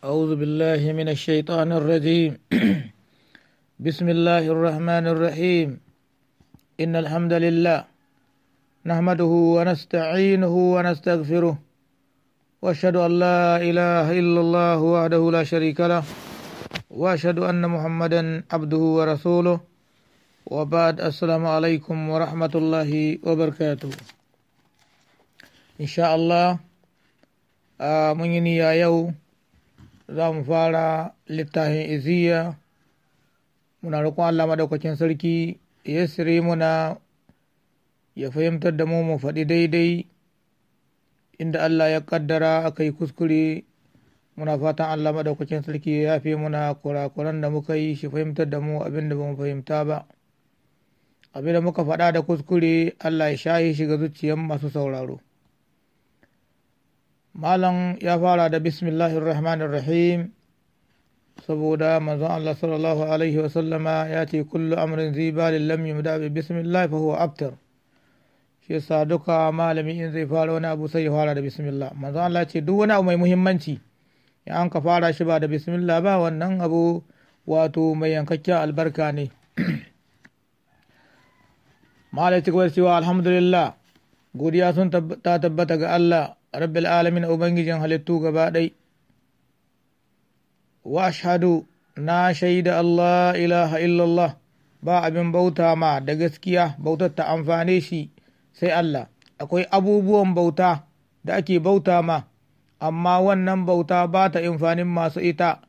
أعوذ بالله من الشيطان الرجيم بسم الله الرحمن الرحيم إن الحمد لله نحمده ونستعينه ونستغفره وأشهد أن لا إله إلا الله وحده لا شريك له وأشهد أن محمدا عبده ورسوله وبعد السلام عليكم ورحمة الله وبركاته إن شاء الله آه من يوم za mu fara littafin iziya muna roƙon allah maɗaukacin sarki ya sire muna ya fahimtar da mu mu faɗi daidai inda allah ya ƙaddara aka yi kuskure muna fatan allah maɗaukacin sarki ya yafe muna kurakuran da muka yi shi fahimtar da mu abin da ba mu fahimta ba abin da muka faɗa da kuskure allah ya ya shiga zuciyar masu sauraro malam ya fara da bismillahir rahmanir rahim saboda manzon Allah sallallahu alaihi wasallama ya ce kullu amrin zibalin lam yumda bi bismillah fa huwa abtar shi yasa duka malami in zai fara wani abu sai ya fara da bismillah manzon Allah ce duk wani abu mai muhimmanci in an ka fara shi ba da bismillah ba wannan abu wato mai yankakken albarka ne malai cikin cewa alhamdulillah godiya sun ta tabbata ga Allah rabbil alamin ubangijin halittu gaba ɗai wa ashhadu na shaida Allah ilaha illallah ba abin bauta ma da gaskiya bautar ta amfane shi sai Allah akwai abubuwan bauta da ake bauta ma amma wannan bauta ba ta amfanin masu ita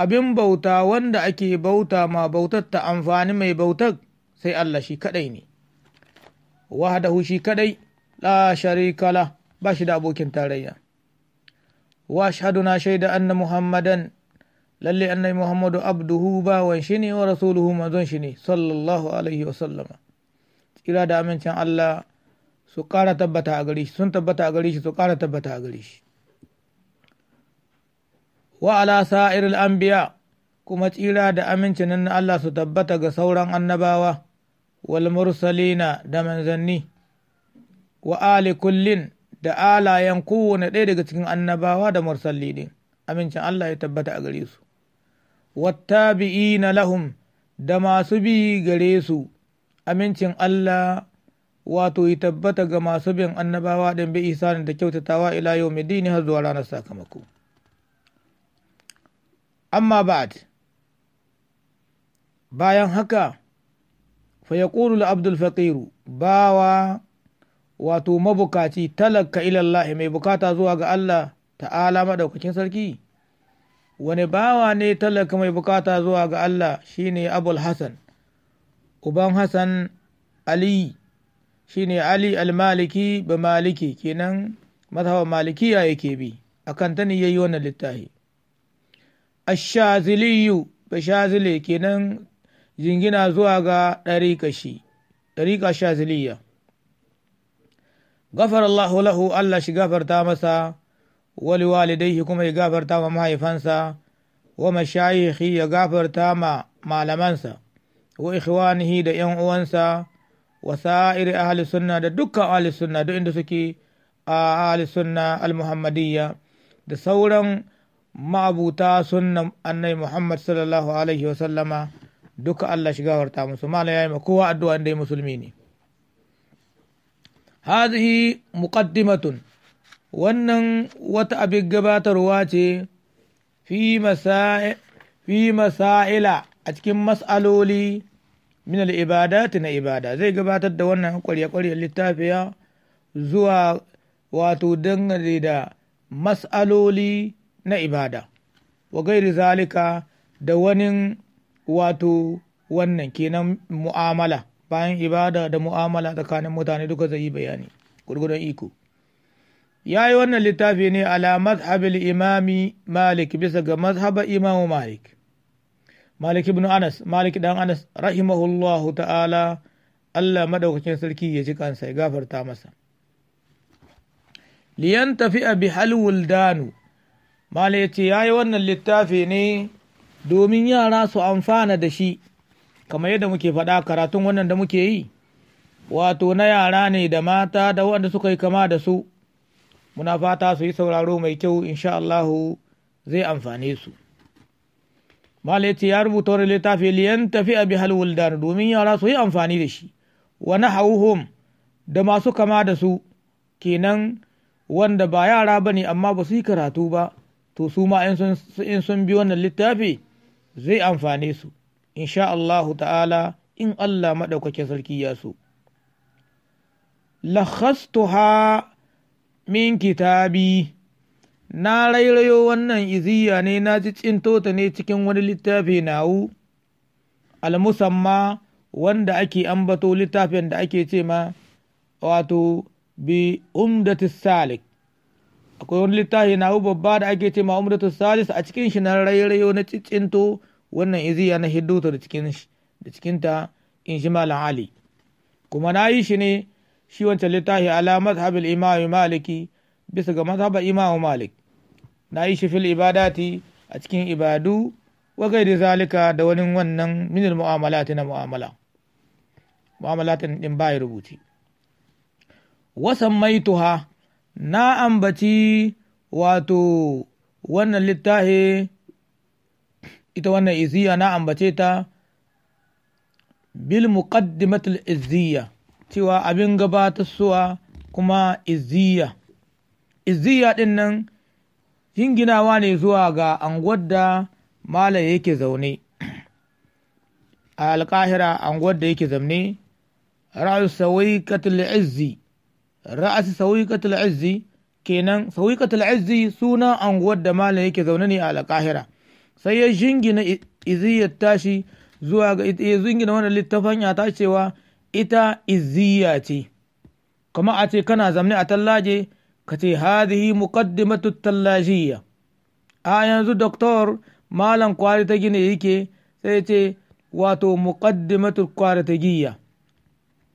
abin bauta wanda ake bauta ma bautar ta amfani mai bautar sai Allah shi kadai ne wahadahu shi kadai la sharikala. ba shi da abokin tarayya wa ashhadu na shaida anna muhammadan lalle annai muhammadu abduhu bawan shi ne wa rasuluhu manzon shi ne sallallahu alaihi wa sallama tsira da amincin Allah su ƙara tabbata a gare shi sun tabbata a gare shi su ƙara tabbata a gare shi wa ala sa'iril anbiya kuma tsira da amincin na Allah su tabbata ga sauran annabawa wal mursalina da manzanni wa ali kullin da alayen kowane ɗaya daga cikin annabawa da mursali ɗin amincin Allah ya tabbata a gare su na lahum da masu bi gare su amincin Allah wato ya tabbata ga masu bin annabawa ɗin bi isani da kyautatawa ila yau mai dini har zuwa ranar sakamako amma ba'd bayan haka fa yaqulu abdul faqiru bawa wato mabukaci talaka ilallahi mai bukata zuwa ga Allah ta'ala maɗaukakin sarki wani bawa ne talaka mai bukata zuwa ga Allah shine abul hassan uban hassan ali shine ali almaliki ba maliki kenan mazhaban malikiya yake bi akan ta yayi wannan littafi ashaziliyu ba shazile kenan jingina zuwa ga ɗariƙa ɗari shaziliya gafar Allah lahu Allah shi gafarta masa wali walidaihi kuma ya gafarta ma mahaifansa wa mashayikhi ya gafarta ma malamansa wa ikhwanihi da yan uwansa wa sa'iri ahli sunna da dukkan ahli sunna duk inda suke a ahli al-muhammadiyya da sauran ma'abuta sunnan annai muhammad sallallahu alaihi wa sallama duka Allah shi gafarta musu mala yayi ma kowa addu'a inda musulmi ne hadhihi muqaddimatun wannan wata abin gabatarwa ce fi masa'ila a cikin mas'aloli min al'ibadati na ibada zai gabatar da wannan kwarya-kwaryar littafiya zuwa wato dangane da mas'aloli na ibada wa gairi da wani wato wannan kenan mu'amala bayan ibada da mu'amala tsakanin mutane duka zai yi bayani gurgudan iko ya yi wannan littafi ne ala mazhabin imami malik bisa ga mazhaba imamu malik malik ibn anas malik dan anas rahimahullahu ta'ala allah madaukakin sarki ya ji kansa ya gafarta masa liyan tafi'a bi halwul danu malik ya yi wannan littafi ne domin yara su amfana da shi kamar yadda muke faɗa karatun wannan da muke yi wato na yara ne da mata da wanda suka yi kama da su muna fata su yi sauraro mai kyau insha Allahu zai amfane su malaiti ya rubuta wani littafi liyan tafi a bihal wuldan domin yara su yi amfani da shi wani hauhom da masu kama da su kenan wanda ba yara ba ne amma ba su yi karatu ba to su ma in sun bi wannan littafi zai amfane su insha Allahu ta'ala in Allah maɗaukake sarki ya so. Lakhastuha min kitabi na rairayo wannan iziya ne na ji cintota ne cikin wani littafi nawu almusamma wanda ake ambato littafin da ake ce ma wato bi umdatu salik akwai wani littafi nawu babba da ake ce ma umdatu salis a cikin shi na rairayo na cicinto wannan iziya na hiduta da cikinta in shi malam ali kuma na yi shi ne shi wancan littafi ala mazhabil imamu maliki bisa ga mazhabar imamu malik na yi shi fil ibadati a cikin ibadu wa da zalika da wani wannan minil mu'amalati na mu'amala mu'amalatin din bai rubuci wasan maituha na ambaci wato wannan littafi ita wannan iziya na ambace ta bil muqaddimatul iziya cewa abin gabatarsuwa kuma iziya iziya din nan jinginawa ne zuwa ga anguwar da malam yake zaune a alkahira anguwar yake zaune ra'asu sawikatul izzi ra'asu izzi kenan sawikatul izzi sunan anguwar da malam yake zaune ne a alkahira sai ya jingina iziyar tashi zuwa ga ya jingina wannan littafin ya ta cewa ita iziya ce kama a ce kana zamne a tallaje ka ce hadhihi muqaddimatu tallajiyya a yanzu doktor malam kwari ta gina yake sai ce wato muqaddimatu kwari ta giya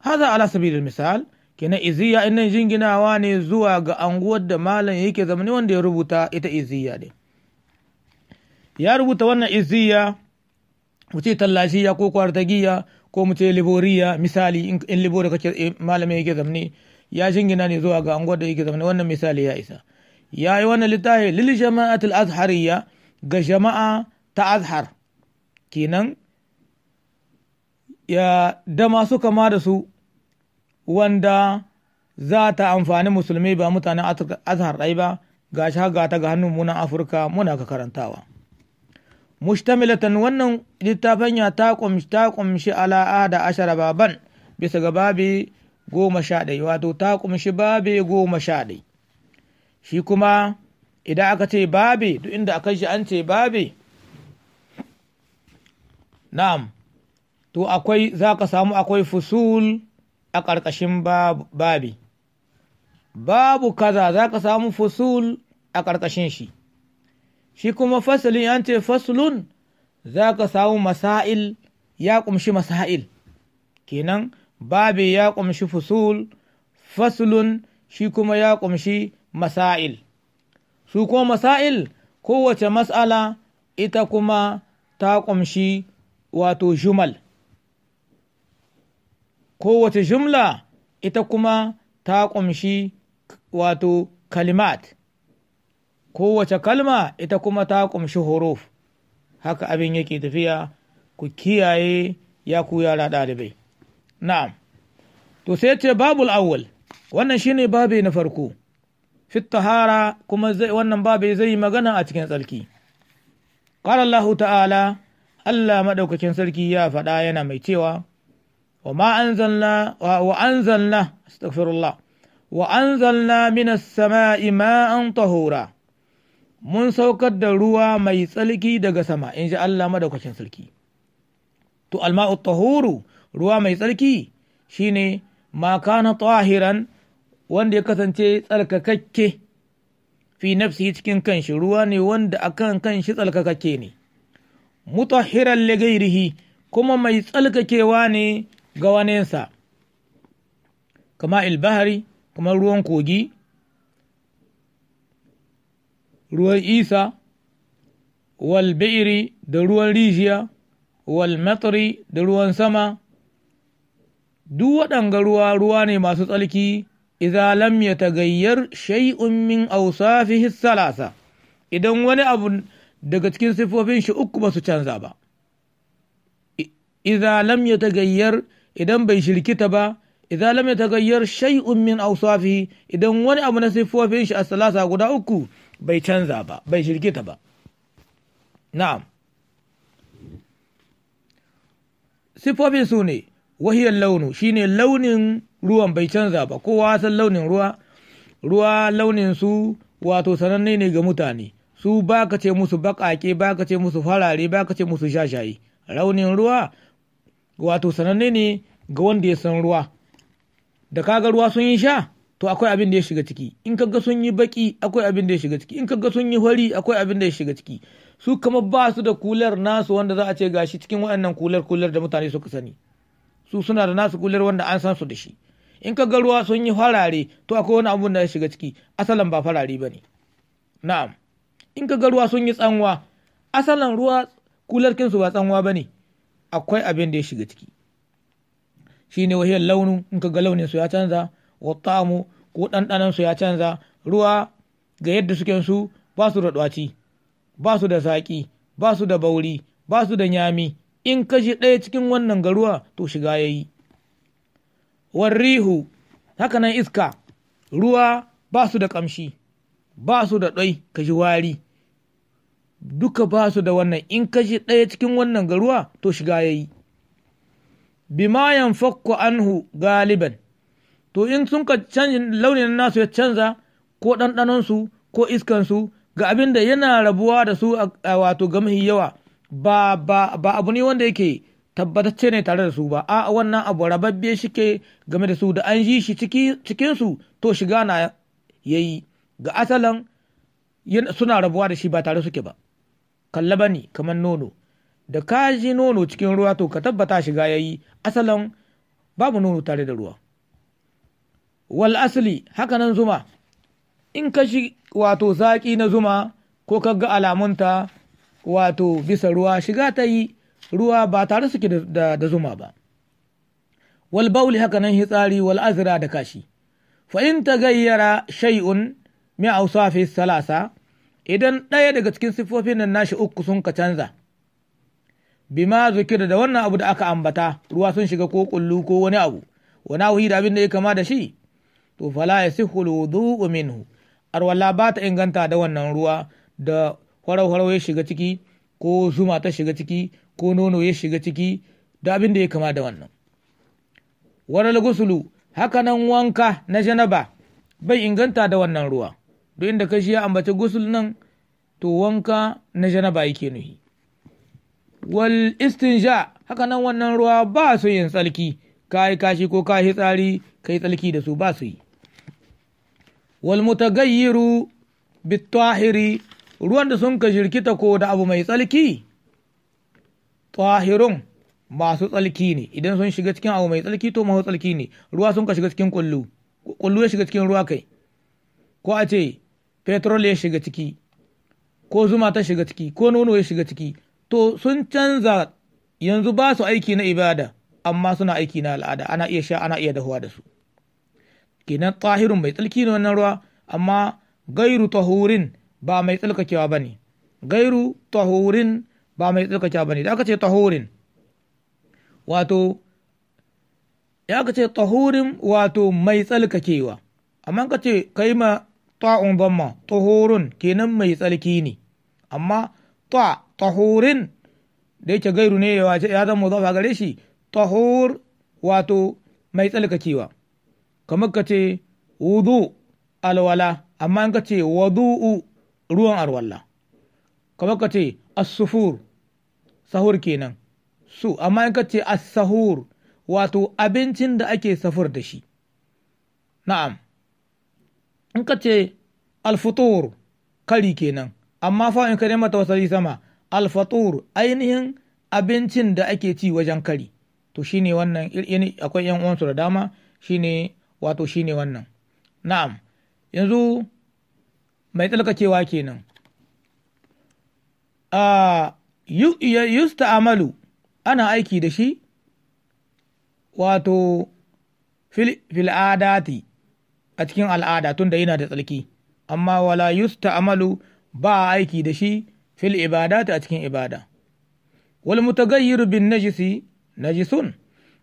haza ala sabilil misal kenan iziya innan jinginawa ne zuwa ga anguwar da malam yake zamani wanda ya rubuta ita iziya ne ya rubuta wannan iziya mu ce tallashiya ko kwartagiya ko mu ce liboriya misali in libori kake eh, malamai yake zamne ya shingina ne zuwa ga anguwar da yake zamne wannan misali ya isa ya yi wannan littafi lil jama'atul azhariya ga jama'a ta azhar kenan ya da masu kama da su wanda za ta amfani musulmi ba mutanen azhar ɗai ba ga shi ga ta ga hannun munan afirka muna ka karantawa mushtamilatan wannan littafanya ta kumshi ta kumshi ala da ashara baban bisa ga babi goma sha ɗai wato ta kumshi babi goma sha ɗai shi kuma idan aka ce babi duk inda aka shi an ce babi na'am to akwai za ka samu akwai fusul a ƙarƙashin babi babu kaza za ka samu fusul a ƙarƙashin shi shi kuma fasalin an ce fasulun za ka samu masail ya ƙumshi masail kenan babi ya ƙumshi fusul fasulun shi kuma ya ƙumshi masail su kuma masail kowace matsala ita kuma ta ƙumshi wato jumal kowace jumla ita kuma ta ƙumshi wato kalimat kowace kalma ita kuma ta ƙumshi huruf haka abin yake tafiya ku kiyaye ya ku yara ɗalibai na'am to sai ce babul awwal wannan shine babe na farko fit tahara kuma wannan babe zai yi magana a cikin tsarki qala ta'ala Allah madaukakin sarki ya faɗa yana mai cewa wa ma anzalna wa anzalna astaghfirullah wa anzalna minas sama'i ma'an tahura mun saukar da ruwa mai tsarki daga sama in ji Allah madaukakin sarki to alma'u tahuru ruwa mai tsarki shine ma kana tahiran wanda ya kasance tsarkakakke fi nafsi cikin kanshi ruwa ne wanda akan kanshi tsarkakakke ne mutahiran li kuma mai tsarkakewa ne ga wanensa kama ilbahari kamar ruwan kogi ruwan isa wal bi'iri da ruwan rijiya wal matri da ruwan sama duk waɗanga ruwa ruwa ne masu tsalki idza lam yatagayyar shay'un min awsafihi salasa idan wani abu daga cikin sifofin shi uku ba su canza ba idza lam yatagayyar idan bai shirkita ba idza lam yatagayyar shay'un min awsafihi idan wani abu na sifofin shi as-salasa guda uku bai canza ba bai shirgita ba na'am sifofin su ne wahiyar launu shi ne launin ruwan bai canza ba kowa san launin ruwa ruwa launin su wato sananne ne ga mutane su baka ce musu baƙaƙe baka ce musu farare baka ce musu shashaye launin ruwa wato sananne ne ga wanda ya san ruwa da kaga ruwa sun yi sha to akwai abin da ya shiga ciki in kaga sun yi baki akwai abin da ya shiga ciki in kaga sun yi hori akwai abin da ya shiga ciki su kama ba su da kular nasu wanda za a ce gashi cikin waɗannan kular kular da mutane suka sani su suna da nasu kular wanda an san su da shi in kaga ruwa sun yi farare to akwai wani abu da ya shiga ciki asalan ba farare bane na'am in kaga ruwa sun yi tsanwa asalan ruwa kular kinsu ba tsanwa bane akwai abin da ya shiga ciki shine wahiyar launu, in kaga launin su ya canza wa ta'amu ko ɗanɗanansu ya canza ruwa ga yadda suke su ba su da ɗwaci ba su da zaƙi ba su da bauri ba su da nyami in kashi ɗaya cikin wannan garuwa to shiga ya yi warrihu hakanan iska ruwa ba su da ƙamshi ba su da ɗai kashi wari duka ba su da wannan in kashi ɗaya cikin wannan garuwa to shiga ya yi bimayan fakko anhu galiban to in sun ka canjin launin nasu ya canza ko ɗanɗanonsu ko iskansu ga abin da yana rabuwa da su a wato ga yawa ba, abu ne wanda yake tabbatacce ne tare da su ba a wannan abu rababbe shike game da su da an ji shi cikinsu to shiga na yayi ga asalan suna rabuwa da shi ba tare suke ba kalla ne kamar nono da ka ji nono cikin ruwa to ka tabbata shiga yayi asalan babu nono tare da ruwa wal asli haka nan zuma in ka shi wato zaƙi na zuma ko ka ga alamunta wato bisa ruwa shiga ta yi ruwa ba tare suke da zuma ba wal bauli haka nan hitsari wal azra da kashi fa in gayyara shay'un min awsafi salasa idan ɗaya daga cikin siffofin nan nashi uku sun ka canza bima zukira da wannan abu da aka ambata ruwa sun shiga ko kullu ko wani abu wani abu da abin da ya kama da shi to fala ya si wudu'u minhu arwala ba ta inganta da wannan ruwa da hwarau-hwarau ya shiga ciki ko zuma ta shiga ciki ko nono ya shiga ciki da abin da ya kama da wannan waral gusulu haka nan wanka na janaba bai inganta da wannan ruwa duk inda ka ya ambaci gusul nan to wanka na janaba yake nuhi wal istinja haka nan wannan ruwa ba su yin tsalki ka yi kashi ko ka yi tsari ka yi tsalki da su ba su yi walmutagayyiru mutagayyiru bitahiri ruwan da sun ka jirkita ko da abu mai tsalki tahirun masu tsalki ne idan sun shiga cikin abu mai tsalki to masu tsalki ne ruwa sun ka shiga cikin kullu kullu ya shiga cikin ruwa kai ko a ce petrol ya shiga ciki ko zuma ta shiga ciki ko nono ya shiga ciki to sun canza yanzu ba su aiki na ibada amma suna aiki na al'ada ana iya sha ana iya dahuwa da su kenan tahirun mai tsalki ne wannan ruwa amma gairu tahurin ba mai tsalkakewa ba ne gairu tahurin ba mai tsalkakewa ba ne da aka ce tahurin wato ya ka ce tahurin wato mai tsalkakewa amma ka ce kai ma ta'un dhamma tahurun kenan mai tsalki ne amma ta tahurin da yake gairu ne ya zama zafa gare shi tahur wato mai tsalkakewa kamar ka ce wudu alwala amma in ka ce wadu'u ruwan alwala kamar ka ce as sahur kenan su amma in ka ce as wato abincin da ake safur da shi na'am in ka ce alfutur kari kenan amma fa in ka nema tawassali sama alfatur ainihin abincin da ake ci wajen kari to shine wannan akwai yan uwansu da dama shine wato shine wannan na'am yanzu mai tsarkakewa kenan a yusta amalu ana aiki da shi wato fil'adati a cikin al'ada tunda yana da tsarki amma wala yusta amalu ba aiki da shi fil ibadati a cikin ibada wal mutagayyir bin najisi najisun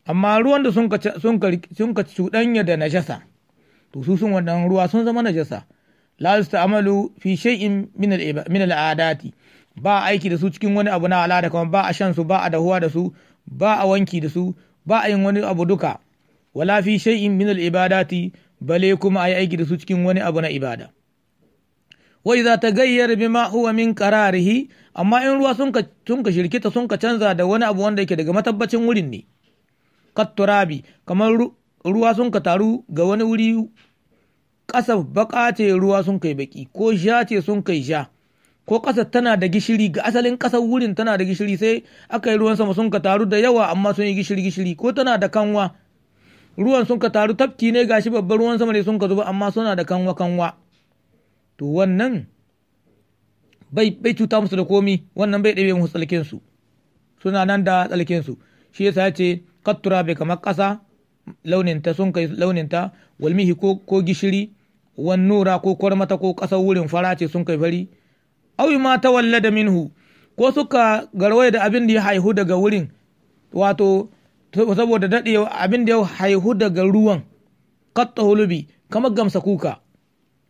amma ruwan da sun ka cuɗanya da najasa to su sun wannan ruwa sun zama najasa la yusta'malu fi shay'in min al'adati ba aiki da su cikin wani abu na al'ada kuma ba a shan su ba a dahuwa da su ba a wanki da su ba a yin wani abu duka wala fi shay'in min al'ibadati bale kuma yi aiki da su cikin wani abu na ibada ta gayyar bi bima huwa min qararihi amma in ruwa sun ka sun ka shirkita sun ka canza da wani abu wanda yake daga matabbacin wurin ne katturabi kamar ruwa sun ka taru ga wani wuri ƙasa baƙa ce ruwa sun kai baƙi ko sha ce sun kai sha ko ƙasa tana da gishiri ga asalin ƙasar wurin tana da gishiri sai aka yi ruwan sama sun ka taru da yawa amma sun yi gishiri gishiri ko tana da kanwa ruwan sun ka taru tafki ne gashi babban ruwan sama ne sun ka zuba amma suna da kanwa kanwa to wannan bai bai cuta musu da komi wannan bai ɗebe musu tsalkin suna nan da tsalkin su shi yasa ya ce bai kamar ƙasa launinta sun kai launinta walmihi ko gishiri wan nura ko kwarmata ko ƙasar wurin fara ce sun kai fari awi ma ta walla da minhu ko suka garwaye da abin da ya haihu daga wurin wato saboda daɗe abin da ya haihu daga ruwan katta hulubi kamar gamsa kuka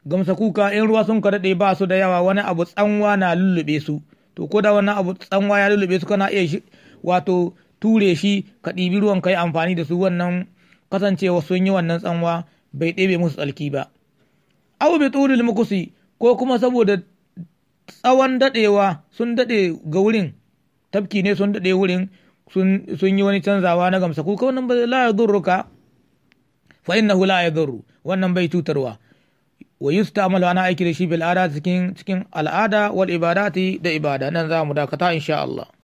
gamsa kuka in ruwa sun ka daɗe ba su da yawa wani abu tsanwa na lullube su to ko da wani abu tsanwa ya lullube su kana iya wato ture shi ka ɗibi ruwan ka yi amfani da su wannan kasancewa sun yi wannan tsanwa bai ɗebe musu tsalki ba aw bi turil makusi ko kuma saboda tsawon daɗewa sun daɗe ga wurin tafki ne sun daɗe wurin sun yi wani canzawa na gamsa kuka wannan ba la ka fa innahu la yadurru wannan bai cutarwa wa yustamalu ana aiki da shi bil cikin cikin al'ada wal ibadati da ibada nan za mu dakata insha Allah